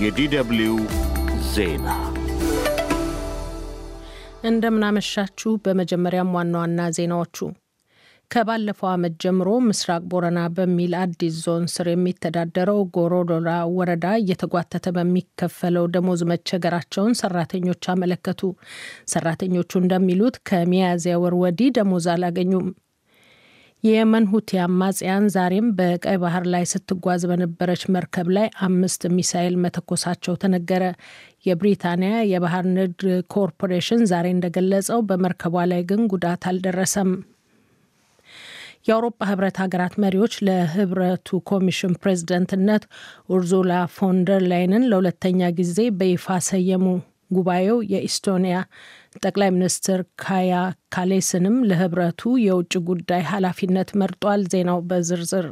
የዲደብሊው ዜና እንደምናመሻችሁ። በመጀመሪያም ዋና ዋና ዜናዎቹ ከባለፈው ዓመት ጀምሮ ምስራቅ ቦረና በሚል አዲስ ዞን ስር የሚተዳደረው ጎሮዶላ ወረዳ እየተጓተተ በሚከፈለው ደሞዝ መቸገራቸውን ሰራተኞች አመለከቱ። ሰራተኞቹ እንደሚሉት ከሚያዝያ ወር ወዲህ ደሞዝ አላገኙም። የየመን ሁቲ አማጽያን ዛሬም በቀይ ባህር ላይ ስትጓዝ በነበረች መርከብ ላይ አምስት ሚሳይል መተኮሳቸው ተነገረ። የብሪታንያ የባህር ንግድ ኮርፖሬሽን ዛሬ እንደገለጸው በመርከቧ ላይ ግን ጉዳት አልደረሰም። የአውሮፓ ህብረት ሀገራት መሪዎች ለህብረቱ ኮሚሽን ፕሬዝደንትነት ኡርዙላ ፎንደር ላይንን ለሁለተኛ ጊዜ በይፋ ሰየሙ። ጉባኤው የኢስቶኒያ ጠቅላይ ሚኒስትር ካያ ካሌስንም ለህብረቱ የውጭ ጉዳይ ኃላፊነት መርጧል። ዜናው በዝርዝር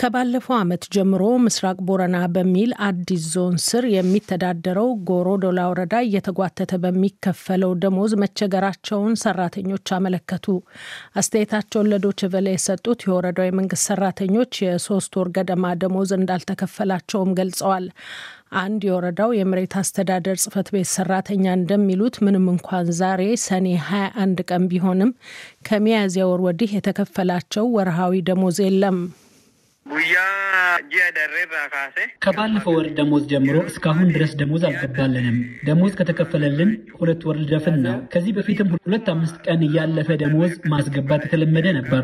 ከባለፈው ዓመት ጀምሮ ምስራቅ ቦረና በሚል አዲስ ዞን ስር የሚተዳደረው ጎሮ ዶላ ወረዳ እየተጓተተ በሚከፈለው ደሞዝ መቸገራቸውን ሰራተኞች አመለከቱ። አስተያየታቸውን ለዶይቼ የሰጡት የወረዳው የመንግስት ሰራተኞች የሶስት ወር ገደማ ደሞዝ እንዳልተከፈላቸውም ገልጸዋል። አንድ የወረዳው የመሬት አስተዳደር ጽህፈት ቤት ሰራተኛ እንደሚሉት ምንም እንኳን ዛሬ ሰኔ 21 ቀን ቢሆንም ከሚያዝያ ወር ወዲህ የተከፈላቸው ወርሃዊ ደሞዝ የለም። ከባለፈው ወር ደሞዝ ጀምሮ እስካሁን ድረስ ደሞዝ አልገባልንም። ደሞዝ ከተከፈለልን ሁለት ወር ልደፍን ነው። ከዚህ በፊትም ሁለት አምስት ቀን እያለፈ ደሞዝ ማስገባት የተለመደ ነበር።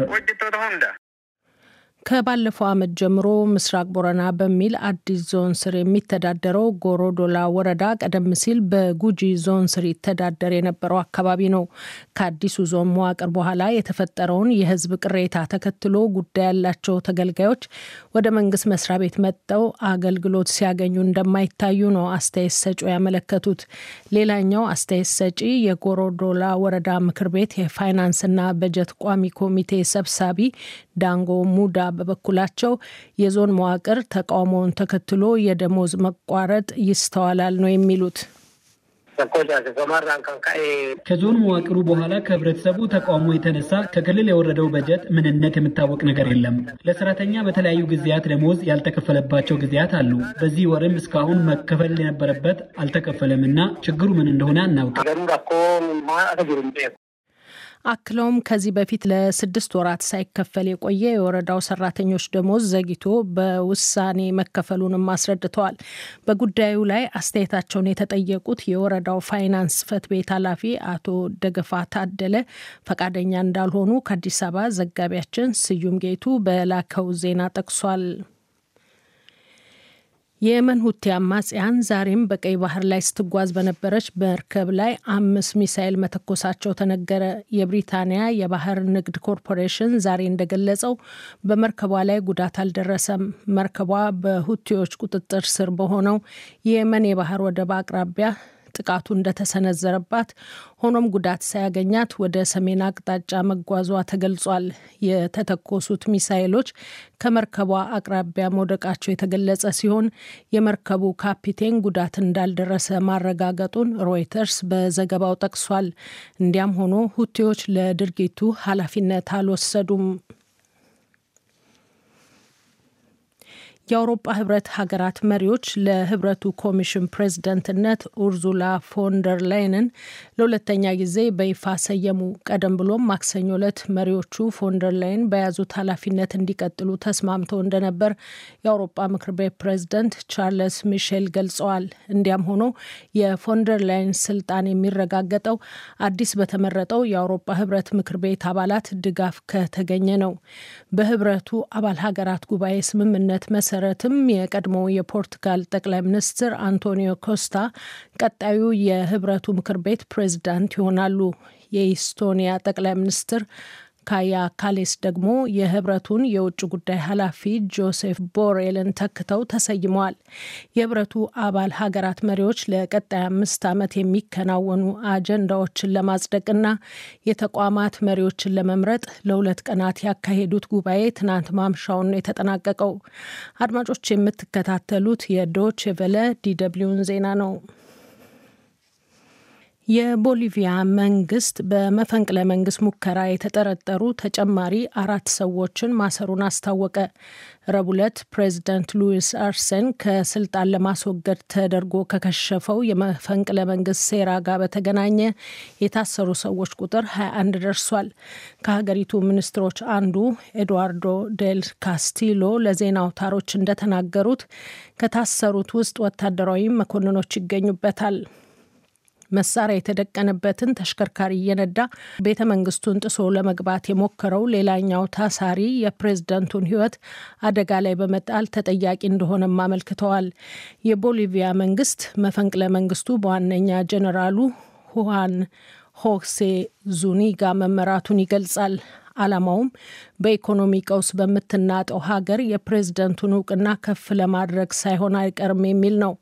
ከባለፈው ዓመት ጀምሮ ምስራቅ ቦረና በሚል አዲስ ዞን ስር የሚተዳደረው ጎሮዶላ ወረዳ ቀደም ሲል በጉጂ ዞን ስር ይተዳደር የነበረው አካባቢ ነው። ከአዲሱ ዞን መዋቅር በኋላ የተፈጠረውን የሕዝብ ቅሬታ ተከትሎ ጉዳይ ያላቸው ተገልጋዮች ወደ መንግስት መስሪያ ቤት መጠው አገልግሎት ሲያገኙ እንደማይታዩ ነው አስተያየት ሰጪው ያመለከቱት። ሌላኛው አስተያየት ሰጪ የጎሮዶላ ወረዳ ምክር ቤት የፋይናንስና በጀት ቋሚ ኮሚቴ ሰብሳቢ ዳንጎ ሙዳ በበኩላቸው የዞን መዋቅር ተቃውሞውን ተከትሎ የደሞዝ መቋረጥ ይስተዋላል ነው የሚሉት። ከዞን መዋቅሩ በኋላ ከህብረተሰቡ ተቃውሞ የተነሳ ከክልል የወረደው በጀት ምንነት የሚታወቅ ነገር የለም። ለሰራተኛ በተለያዩ ጊዜያት ደሞዝ ያልተከፈለባቸው ጊዜያት አሉ። በዚህ ወርም እስካሁን መከፈል የነበረበት አልተከፈለም እና ችግሩ ምን እንደሆነ አናውቅም። አክለውም ከዚህ በፊት ለስድስት ወራት ሳይከፈል የቆየ የወረዳው ሰራተኞች ደሞዝ ዘግይቶ በውሳኔ መከፈሉንም አስረድተዋል። በጉዳዩ ላይ አስተያየታቸውን የተጠየቁት የወረዳው ፋይናንስ ጽሕፈት ቤት ኃላፊ አቶ ደገፋ ታደለ ፈቃደኛ እንዳልሆኑ ከአዲስ አበባ ዘጋቢያችን ስዩም ጌቱ በላከው ዜና ጠቅሷል። የየመን ሁቲ አማጽያን ዛሬም በቀይ ባህር ላይ ስትጓዝ በነበረች መርከብ ላይ አምስት ሚሳይል መተኮሳቸው ተነገረ። የብሪታንያ የባህር ንግድ ኮርፖሬሽን ዛሬ እንደገለጸው በመርከቧ ላይ ጉዳት አልደረሰም። መርከቧ በሁቲዎች ቁጥጥር ስር በሆነው የየመን የባህር ወደብ አቅራቢያ ጥቃቱ እንደተሰነዘረባት ሆኖም ጉዳት ሳያገኛት ወደ ሰሜን አቅጣጫ መጓዟ ተገልጿል። የተተኮሱት ሚሳይሎች ከመርከቧ አቅራቢያ መውደቃቸው የተገለጸ ሲሆን የመርከቡ ካፒቴን ጉዳት እንዳልደረሰ ማረጋገጡን ሮይተርስ በዘገባው ጠቅሷል። እንዲያም ሆኖ ሁቴዎች ለድርጊቱ ኃላፊነት አልወሰዱም። የአውሮፓ ህብረት ሀገራት መሪዎች ለህብረቱ ኮሚሽን ፕሬዝደንትነት ኡርዙላ ፎንደር ላይንን ለሁለተኛ ጊዜ በይፋ ሰየሙ። ቀደም ብሎም ማክሰኞ ዕለት መሪዎቹ ፎንደር ላይን በያዙት ኃላፊነት እንዲቀጥሉ ተስማምተው እንደነበር የአውሮፓ ምክር ቤት ፕሬዝደንት ቻርለስ ሚሼል ገልጸዋል። እንዲያም ሆኖ የፎንደር ላይን ስልጣን የሚረጋገጠው አዲስ በተመረጠው የአውሮፓ ህብረት ምክር ቤት አባላት ድጋፍ ከተገኘ ነው። በህብረቱ አባል ሀገራት ጉባኤ ስምምነት መሰ መሰረትም የቀድሞ የፖርቱጋል ጠቅላይ ሚኒስትር አንቶኒዮ ኮስታ ቀጣዩ የህብረቱ ምክር ቤት ፕሬዚዳንት ይሆናሉ። የኢስቶኒያ ጠቅላይ ሚኒስትር ካያ ካሌስ ደግሞ የህብረቱን የውጭ ጉዳይ ኃላፊ ጆሴፍ ቦሬልን ተክተው ተሰይመዋል። የህብረቱ አባል ሀገራት መሪዎች ለቀጣይ አምስት ዓመት የሚከናወኑ አጀንዳዎችን ለማጽደቅና የተቋማት መሪዎችን ለመምረጥ ለሁለት ቀናት ያካሄዱት ጉባኤ ትናንት ማምሻውን ነው የተጠናቀቀው። አድማጮች የምትከታተሉት የዶች ቨለ ዲደብሊውን ዜና ነው። የቦሊቪያ መንግስት በመፈንቅለ መንግስት ሙከራ የተጠረጠሩ ተጨማሪ አራት ሰዎችን ማሰሩን አስታወቀ። ረቡዕ ዕለት ሉዊስ አርሰን ከስልጣን ለማስወገድ ተደርጎ ከከሸፈው የመፈንቅለ መንግስት ሴራ ጋር በተገናኘ የታሰሩ ሰዎች ቁጥር 21 ደርሷል። ከሀገሪቱ ሚኒስትሮች አንዱ ኤድዋርዶ ዴል ካስቲሎ ለዜና አውታሮች እንደተናገሩት ከታሰሩት ውስጥ ወታደራዊ መኮንኖች ይገኙበታል። መሳሪያ የተደቀነበትን ተሽከርካሪ እየነዳ ቤተ መንግስቱን ጥሶ ለመግባት የሞከረው ሌላኛው ታሳሪ የፕሬዝደንቱን ህይወት አደጋ ላይ በመጣል ተጠያቂ እንደሆነም አመልክተዋል። የቦሊቪያ መንግስት መፈንቅለ መንግስቱ በዋነኛ ጀኔራሉ ሁሃን ሆሴ ዙኒጋ መመራቱን ይገልጻል። ዓላማውም በኢኮኖሚ ቀውስ በምትናጠው ሀገር የፕሬዝደንቱን እውቅና ከፍ ለማድረግ ሳይሆን አይቀርም የሚል ነው።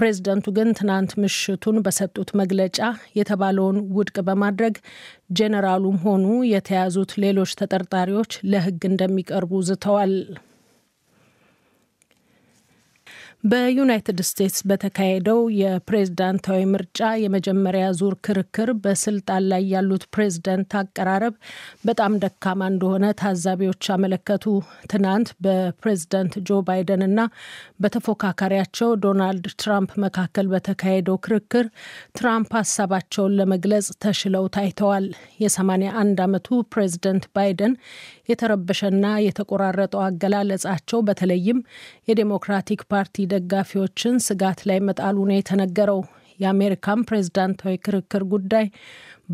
ፕሬዝደንቱ ግን ትናንት ምሽቱን በሰጡት መግለጫ የተባለውን ውድቅ በማድረግ ጄኔራሉም ሆኑ የተያዙት ሌሎች ተጠርጣሪዎች ለሕግ እንደሚቀርቡ ዝተዋል። በዩናይትድ ስቴትስ በተካሄደው የፕሬዝዳንታዊ ምርጫ የመጀመሪያ ዙር ክርክር በስልጣን ላይ ያሉት ፕሬዝደንት አቀራረብ በጣም ደካማ እንደሆነ ታዛቢዎች አመለከቱ። ትናንት በፕሬዝደንት ጆ ባይደን እና በተፎካካሪያቸው ዶናልድ ትራምፕ መካከል በተካሄደው ክርክር ትራምፕ ሀሳባቸውን ለመግለጽ ተሽለው ታይተዋል። የ81 ዓመቱ ፕሬዝደንት ባይደን የተረበሸና የተቆራረጠው አገላለጻቸው በተለይም የዴሞክራቲክ ፓርቲ ደጋፊዎችን ስጋት ላይ መጣሉ ነው የተነገረው። የአሜሪካን ፕሬዝዳንታዊ ክርክር ጉዳይ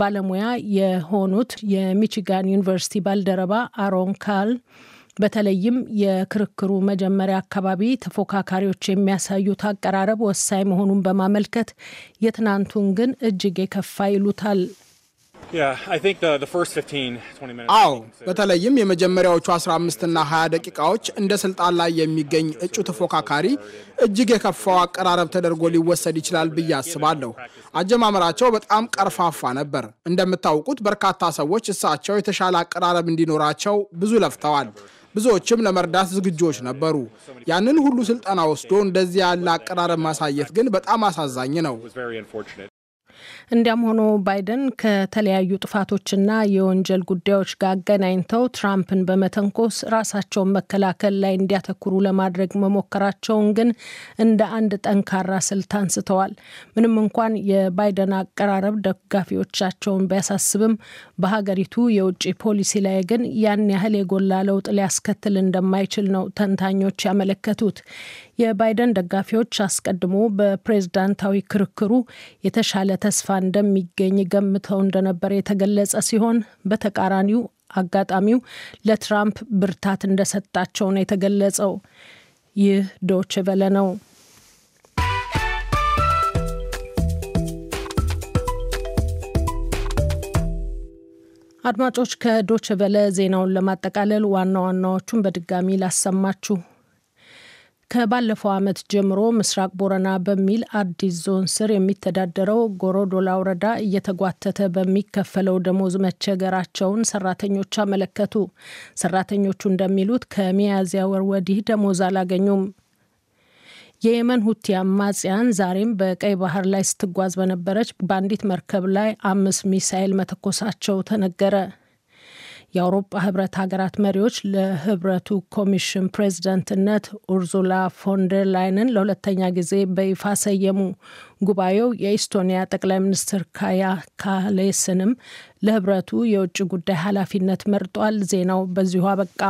ባለሙያ የሆኑት የሚቺጋን ዩኒቨርሲቲ ባልደረባ አሮን ካል በተለይም የክርክሩ መጀመሪያ አካባቢ ተፎካካሪዎች የሚያሳዩት አቀራረብ ወሳኝ መሆኑን በማመልከት የትናንቱን ግን እጅግ የከፋ ይሉታል። አዎ በተለይም የመጀመሪያዎቹ 15 እና 20 ደቂቃዎች እንደ ስልጣን ላይ የሚገኝ እጩ ተፎካካሪ እጅግ የከፋው አቀራረብ ተደርጎ ሊወሰድ ይችላል ብዬ አስባለሁ። አጀማመራቸው በጣም ቀርፋፋ ነበር። እንደምታውቁት በርካታ ሰዎች እሳቸው የተሻለ አቀራረብ እንዲኖራቸው ብዙ ለፍተዋል። ብዙዎችም ለመርዳት ዝግጆች ነበሩ። ያንን ሁሉ ስልጠና ወስዶ እንደዚህ ያለ አቀራረብ ማሳየት ግን በጣም አሳዛኝ ነው። እንዲያም ሆኖ ባይደን ከተለያዩ ጥፋቶችና የወንጀል ጉዳዮች ጋር አገናኝተው ትራምፕን በመተንኮስ ራሳቸውን መከላከል ላይ እንዲያተኩሩ ለማድረግ መሞከራቸውን ግን እንደ አንድ ጠንካራ ስልት አንስተዋል። ምንም እንኳን የባይደን አቀራረብ ደጋፊዎቻቸውን ቢያሳስብም በሀገሪቱ የውጭ ፖሊሲ ላይ ግን ያን ያህል የጎላ ለውጥ ሊያስከትል እንደማይችል ነው ተንታኞች ያመለከቱት። የባይደን ደጋፊዎች አስቀድሞ በፕሬዝዳንታዊ ክርክሩ የተሻለ ተስፋ እንደሚገኝ ገምተው እንደነበር የተገለጸ ሲሆን በተቃራኒው አጋጣሚው ለትራምፕ ብርታት እንደሰጣቸው ነው የተገለጸው። ይህ ዶች በለ ነው። አድማጮች ከዶች በለ ዜናውን ለማጠቃለል ዋና ዋናዎቹን በድጋሚ ላሰማችሁ። ከባለፈው ዓመት ጀምሮ ምስራቅ ቦረና በሚል አዲስ ዞን ስር የሚተዳደረው ጎሮዶላ ወረዳ እየተጓተተ በሚከፈለው ደሞዝ መቸገራቸውን ሰራተኞች አመለከቱ። ሰራተኞቹ እንደሚሉት ከሚያዝያ ወር ወዲህ ደሞዝ አላገኙም። የየመን ሁቲ አማጽያን ዛሬም በቀይ ባህር ላይ ስትጓዝ በነበረች በአንዲት መርከብ ላይ አምስት ሚሳኤል መተኮሳቸው ተነገረ። የአውሮፓ ህብረት ሀገራት መሪዎች ለህብረቱ ኮሚሽን ፕሬዚደንትነት ኡርዙላ ፎንደር ላይንን ለሁለተኛ ጊዜ በይፋ ሰየሙ። ጉባኤው የኢስቶኒያ ጠቅላይ ሚኒስትር ካያ ካሌስንም ለህብረቱ የውጭ ጉዳይ ኃላፊነት መርጧል። ዜናው በዚሁ አበቃ።